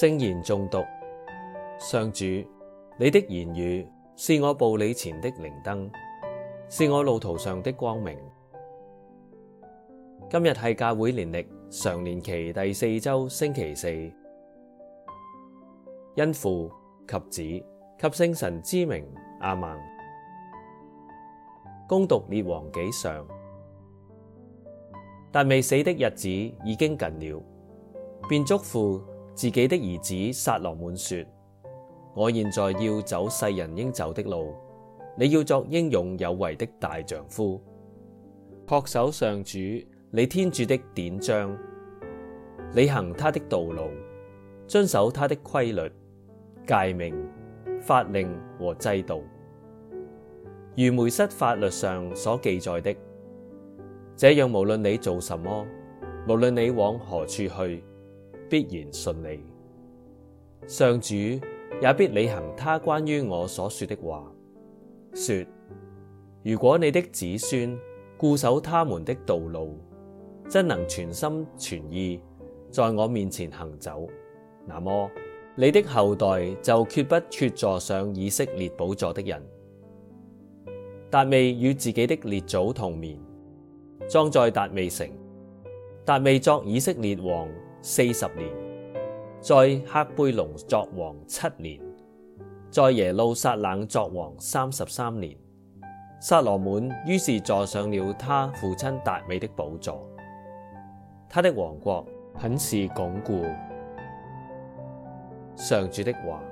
聖言誦讀，上主，你的言語是我步履前的靈燈，是我路途上的光明。今日係教會年曆常年期第四周星期四，因父及子及聖神之名，阿門。恭讀列王紀上，達味死的日子已經近了，便囑咐。自己的兒子撒羅滿說：我現在要走世人應走的路，你要作英勇有為的大丈夫，恪守上主你天主的典章，履行他的道路，遵守他的規律、誡命、法令和制度，如梅瑟法律上所記載的。這樣，無論你做什麼，無論你往何處去。必然順利，上主也必履行他關於我所說的話，說：如果你的子孫固守他們的道路，真能全心全意在我面前行走，那麼你的後代就決不缺席坐上以色列寶座的人。達味與自己的列祖同眠，葬在達味城。達味作以色列王。四十年，在赫貝隆作王七年，在耶路撒冷作王三十三年。撒羅滿於是坐上了他父親達味的寶座，他的王國很是鞏固。上主的話。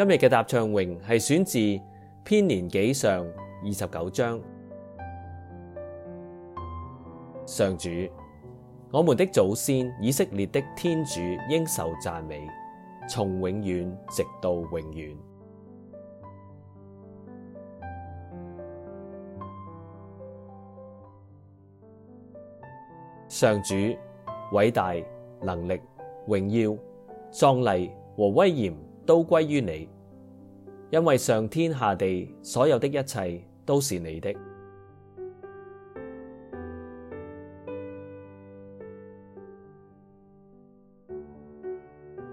今日嘅答唱詠係選自編年紀上二十九章。上主，我們的祖先以色列的天主應受讚美，從永遠直到永遠。上主，偉大、能力、榮耀、壯麗和威嚴，都歸於你，因為上天下地所有的一切都是你的。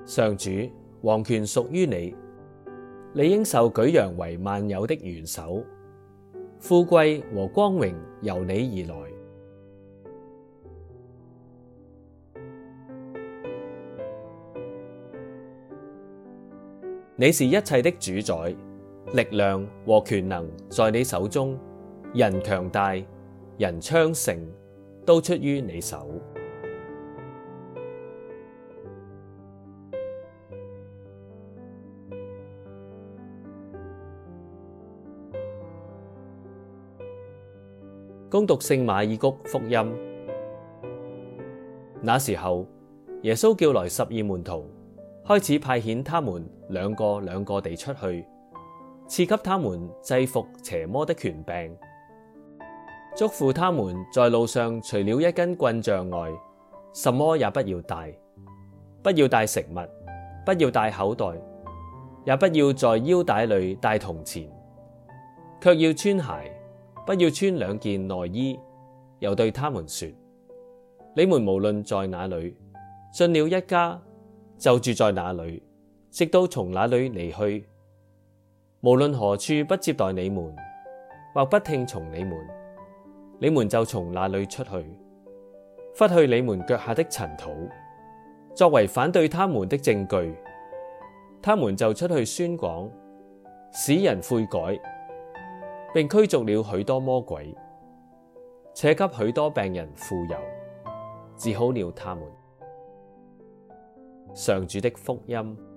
上主，王權屬於你，你應受舉揚為萬有的元首，富貴和光榮由你而來。你是一切的主宰，力量和權能在你手中，人強大，人昌盛，都出於你手。恭讀聖馬爾谷福音，那時候耶穌叫來十二門徒。開始派遣他們兩個兩個地出去，賜給他們制伏邪魔的權柄，囑咐他們在路上除了一根棍杖外，什麼也不要帶，不要帶食物，不要帶口袋，也不要在腰帶裏帶銅錢，却要穿鞋，不要穿兩件內衣。又對他們說：你們無論在哪裏，進了一家。就住在那裏，直到從那裏離去。無論何處不接待你們，或不聽從你們，你們就從那裏出去，拂去你們腳下的塵土，作為反對他們的證據。他們就出去宣講，使人悔改，並驅逐了許多魔鬼，且給許多病人傅油，治好了他們。上主的福音。